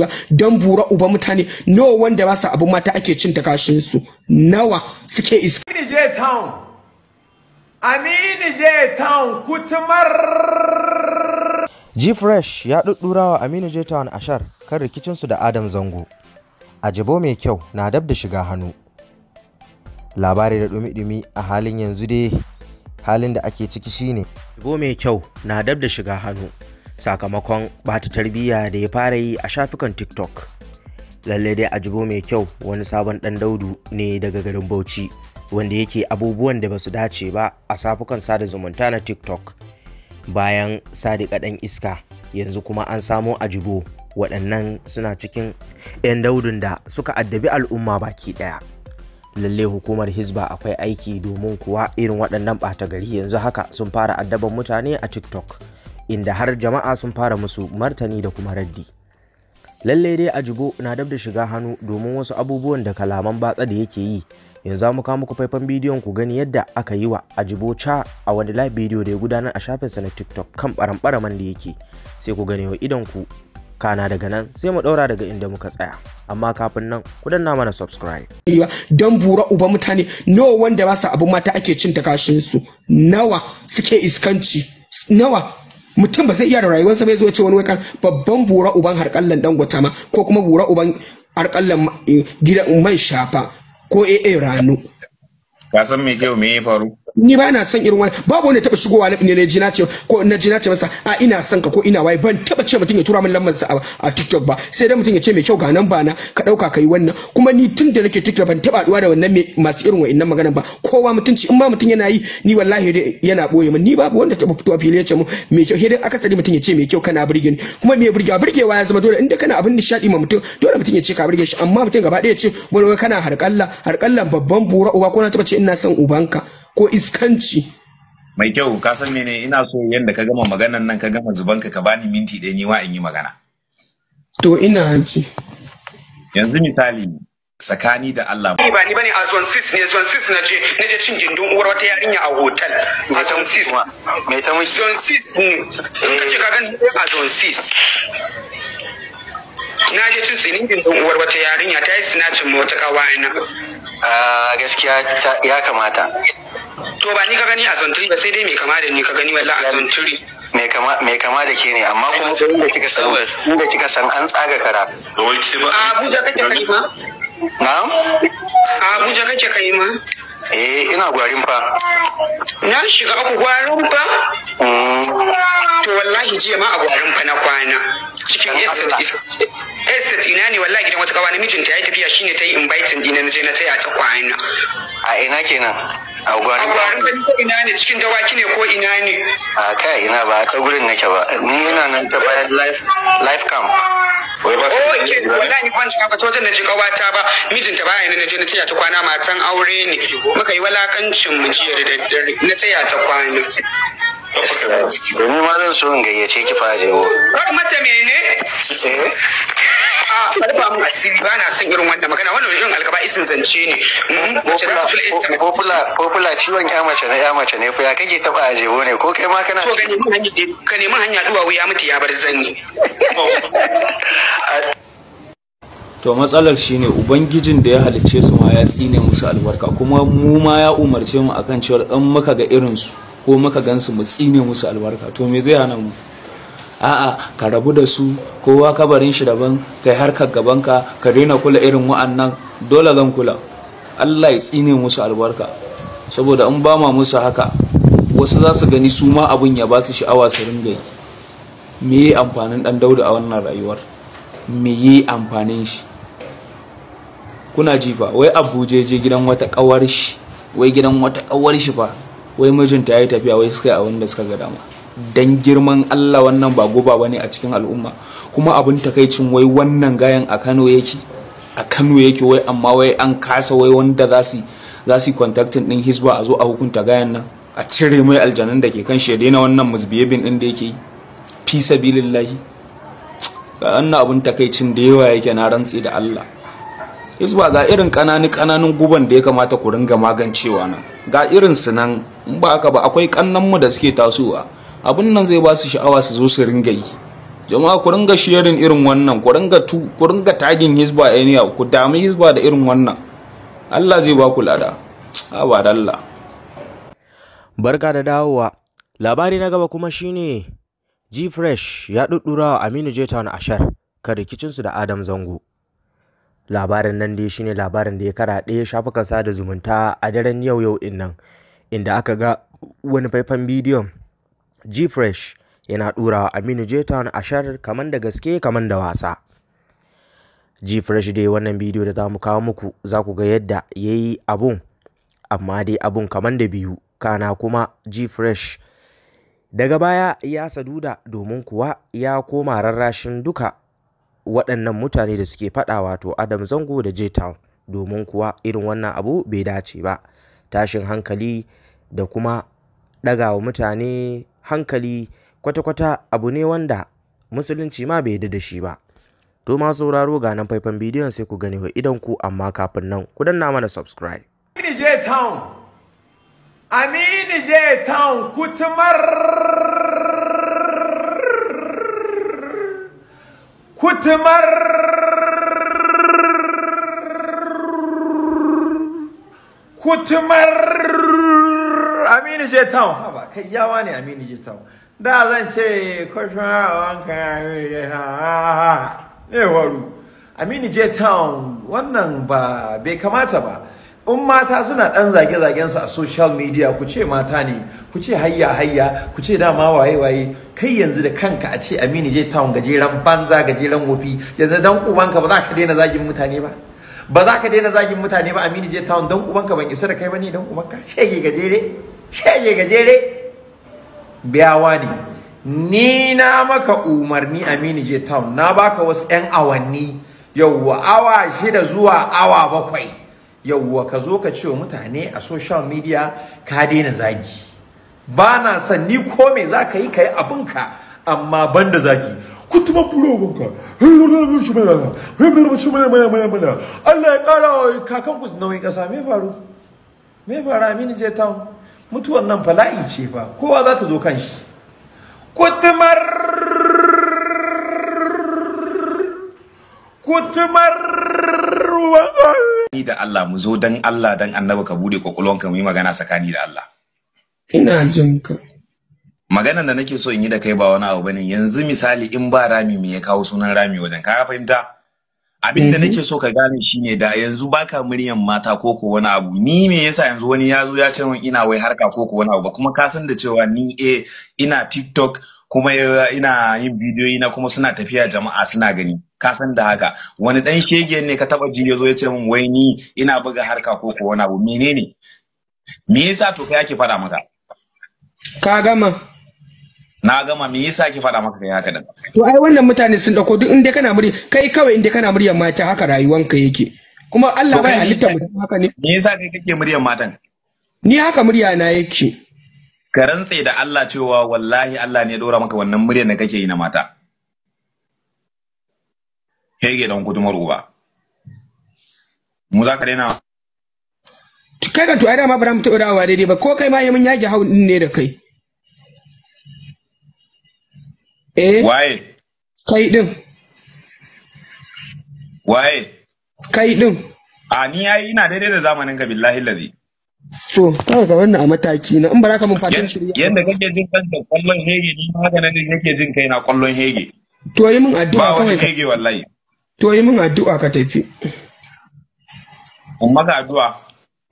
ba dan bura uba mutane nawa wanda ba su abu mata ake cin takashin su nawa suke iska je town Aminu je Town kutumar G-Fresh ya ɗuɗɗura wa Aminu J Town ashar kan su da Adam Zango. Ajabo mai kyau na dab da shiga hannu. Labari da ɗumi dumi a halin yanzu dai halin da ake ciki shine. Ajabo mai kyau na dab da shiga hannu. sakamakon bata tarbiyya da ya fara yi a shafukan tiktok lalle dai ajibo mai kyau wani sabon dan daudu ne daga garin bauchi wanda yake abubuwan da basu dace ba a safukan sada zumunta na tiktok bayan sadiqa dan iska yanzu kuma an samo ajibo waɗannan suna cikin 'yan daudun da suka addabi al'umma baki ɗaya lalle hukumar hisba akwai aiki domin kuwa irin waɗannan ɓata gari yanzu haka sun fara addaban mutane a tiktok inda har jama'a sun fara musu martani da kuma raddi lallai dai ajibo na dab da shiga hannu domin wasu abubuwan da kalaman batsa da yake yi yanzu mu kawo muku faifan bidiyon ku gani yadda aka yi wa ajibo c'a a wani live bidiyo da ya gudanar a sa na tiktok kan baran-baraman da yake sai ku gani wa idan ku kana daga nan sai mu daura daga inda muka tsaya amma kafin nan ku danna mana subscribe dan bura uba mutane nawa wanda ba sa abin mata ake cin takashin su nawa suke iskanci nawa mutum ba zai iya da rayuwarsa bai zo a ce wani wakar babban bura uban harkallan dangwata ma ko kuma bura uban harkallan eh, gidan man shafa ko AA rano ka san me kyau me ya faru ni ba na son irin wani babu wanda taba shigowa na ne ji na ce ko na ji na ce masa a ina son ka ko ina wai ban taba ce mutum ya tura min lambar sa a TikTok ba sai dai mutum ya ce me kyau ga nan ba na ka dauka kai wannan kuma ni tun da nake TikTok ban taba duwa da wannan masu irin wa'annan magana ba kowa mutunci in ma mutum yana yi ni wallahi yana boye min ni babu wanda taba fitowa fili ya ce mu me kyau sai akasari mutum ya ce me kyau kana burge ni kuma me burge burgewa ya zama dole inda kana abin nishadi ma mutum dole mutum ya ce ka burge shi amma mutum gaba daya ya ce wani kana harƙalla harƙallan babban bura uba ko na taba ce ina son ubanka ko iskanci mai kyau ka san mene ina so yanda ka gama maganan nan ka gama zubanka ka bani minti ɗaya ni wa in yi magana to ina ji yanzu misali tsakani da Allah ba ni bane a zone 6 ne zone 6 naje je cin gindin uwar wata yarinya a hotel a zone 6 mai ta mai zone 6 ne kace ka gani a zone 6 na je cin tsinin don uwar wata yarinya ta yi sinacin ma wata kawa ina a gaskiya ya kamata to ba ni ka gani a zonturi ba sai dai mai kama da ni ka gani wala a zonturi mai kama da ke ne amma kuma inda kika san inda kika san an tsaga kara a Abuja kake kai ma na'am a Abuja kake kai ma eh ina gwarin fa na shiga uku gwarin fa mm. to wallahi jiya ma a gwarin fa na kwana cikin estate ina ne wallahi gidan wata kawai mijinta ya tafiya shine ta yi inviting dina na je na taya ta kwayan a ina kenan a gwarin ba ina ne cikin dawaki ne ko ina ne a kai ina ba ta gurin nake ba ni ina nan ta bayan life camp wai ba ke oh, wallahi ban cika ba wajen naje kawata ba mijinta baya ne naje na taya ta kwana matan aure ne muka yi walakancin mu jiya da daddare na taya ta kwana Domin ma zan so in gayyace ki fa jewo. Wani mace mene? Eh? A mu asiri ba na son irin wannan magana wannan irin alkaba isin zance ne. Popula ciwon ya mace na ya mace ne ya kake taba a jewo ne ko kai ma kana so ka nemi hanya duwa wuya mutu ya bar zanni. to matsalar shine ubangijin da ya halicce su ma ya tsine musu albarka kuma mu ma ya umarce mu akan cewa in muka ga irin su ko muka gansu mu tsine musu albarka to me zai hana mu a'a ka rabu da su kowa ka barin shi daban kai harkar gabanka ka daina kula irin wa'annan dole zan kula Allah ya tsine musu albarka saboda in ba ma musu haka wasu za su gani su ma abin ya ba su sha'awa su ringa yi me yi amfanin dan dauda a wannan rayuwar me yi amfanin shi kuna ji fa wai abuja je gidan wata kawar shi wai gidan wata kawar shi fa wai mijinta ya yi tafiya wai suka yi abin da suka ga dama dan girman Allah wannan ba goba ne a cikin al'umma kuma abin takaicin wai wannan gayan a Kano yake a Kano yake wai amma wai an kasa wai wanda za su za su contacting din Hisba a zo a hukunta gayan nan a cire mai aljanun da ke kan shi ya daina wannan musbiyabin din da yake yi fi sabilillahi wannan abin takaicin da yawa yake na rantsi da Allah Hisba ga irin kananu kananun guban da ya kamata ku ringa magancewa nan ga irin su nan in ba aka ba akwai kannan mu da suke tasowa abin nan zai ba su sha'awa su zo su ringa yi jama'a ku ringa shirin irin wannan ku ringa tu ku ringa tagin hisba eniya ku dami hisba da irin wannan Allah zai ba ku lada da Allah barka da dawowa labari na gaba kuma shine G-Fresh ya ɗuɗɗura wa Aminu Jeton Ashar kan rikicinsu da Adam Zango. labarin nan dai shine labarin da ya kara ɗaya shafukan sada zumunta a daren yau yau in nan inda aka ga wani faifan bidiyon gfresh yana ɗura aminu jeton ashar kaman da gaske kaman da wasa gfresh dai wannan bidiyo da za mu kawo muku za ku ga yadda ya yi abun amma dai abun kaman da biyu kana kuma gfresh daga baya ya saduda domin kuwa ya koma rarrashin duka waɗannan mutane da suke faɗa wato Adam Zango da J-Town domin kuwa irin wannan abu bai dace ba tashin hankali da kuma ɗagawa mutane hankali kwata-kwata abu ne wanda musulunci ma bai da shi ba to ma sauraro ga nan faifan bidiyon sai ku gani wa idan ku amma kafin nan ku danna mana subscribe aminu J-Town kutumar mutumar kutumar aminu je town haba kai yawa ne aminu je town da zan ce kwashin aminu town wannan ba bai kamata ba in mata suna ɗan zage-zagensu a social media ku ce mata ne ku ce hayya hayya ku ce dama waye waye kai yanzu da kanka a ce aminu je town gajeren banza gajeren wofi yanzu dan ubanka ba za ka daina zagin mutane ba ba za ka daina zagin mutane ba aminu je town dan ubanka ban isa da kai bane dan ubanka shege gajere shege gajere biyawa ne ni na maka umarni aminu je town na baka wasu yan awanni yauwa awa shida zuwa awa bakwai yawwa ka zo ka ce wa mutane a social media ka daina zagi ba na son ni ko me za ka yi ka yi abinka amma ban da zagi kutuma bulowanka Allah ya kara wa kakan ku nauyi kasa me faru me faru mini je ta mutuwar nan fala'i ce ba kowa za ta zo kan shi kutumar kutumar tsakani da Allah mu zo dan Allah dan annabi ka bude kwakwalwanka mu yi magana tsakani da Allah ina jin ka maganan da nake so in yi da kai ba wani abu bane yanzu misali in ba rami me ya kawo sunan rami wajen ka fahimta abin da mhm. nake so ka gane shi ne da yanzu baka muryan mata ko ko wani abu ni me yasa yanzu wani ya zo ya ce min ina wai harka ko ko wani abu ba kuma ka san da cewa ni eh ina TikTok kuma ina yin bidiyoyi na kuma suna tafiya jama'a suna gani ka san da haka wani dan shege ne ka taba ji zo ya ce min wai ni ina buga harka ko ko wani abu menene me yasa to kai yake faɗa maka ka gama na gama me yasa ake faɗa maka kai haka da to ai wannan mutane sun dauko duk inda kana murya kai kawai inda kana muryar mata haka rayuwanka yake kuma Allah bai halitta mutum haka ne me yasa kai kake muryar matan ni haka murya na yake ka rantse da Allah cewa wallahi Allah ne ya dora maka wannan muryar da kake yi na mata hege don maru uba mu za ka daina kai ka tuwa dama ba za mu taɓa daidai ba ko kai ma yamin yage hau ne da kai eh waye kai din waye kai din a ni yi ina daidai da zamanin ka billahi lazi To, kawai ga wannan a mataki na in ba ka mun fatan shirya. Yanda kake jin kanka kallon hege ni ma haka nan kake jin kai na kallon hege. To yi mun addu'a kawai. Ba wani hege wallahi. To yi min addu'a ka tafi. In maka addu'a.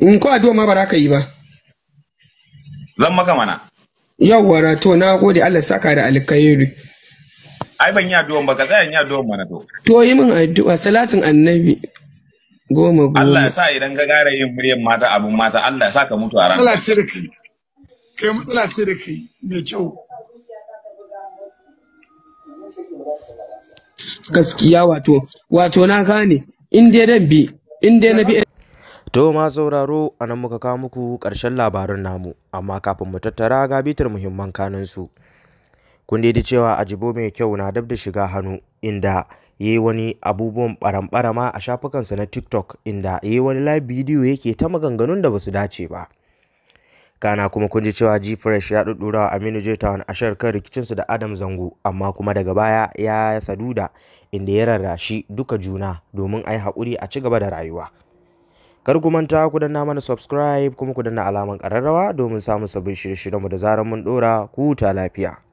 In ko addu'a ma ba za ka yi ba. Zan maka mana. Yawwa to na gode Allah saka da alkhairi. Ai ban yi addu'a ba ka tsaya yi addu'a mana to. To yi min addu'a salatin annabi. Goma goma. Allah ya sa idan ka gara yin muryan mata abun mata Allah ya sa ka mutu a ranar. Allah ce da kai. Kai matsala ce da kai mai kyau. Gaskiya wato wato na gane in dai dan bi in dai na bi To ma sauraro a nan muka kawo muku ƙarshen labarin namu, amma kafin mu tattara ga bitar muhimman kanansu. Kun da cewa ajibo mai kyau na dab da shiga hannu inda ya yi wani abubuwan ma a shafukansa na tiktok inda ya yi wani live bidiyo yake ta maganganun da basu dace ba kana kuma kun ji cewa g ya ɗuɗɗura wa aminu j town a kan rikicinsu da adam zango amma kuma daga baya ya saduda inda ya rarrashi duka juna domin a yi haƙuri a ci gaba da rayuwa kar ku manta ku danna mana subscribe kuma ku danna alaman ƙararrawa domin samun sabbin shirye-shiryenmu da zarar mun ɗora ku ta lafiya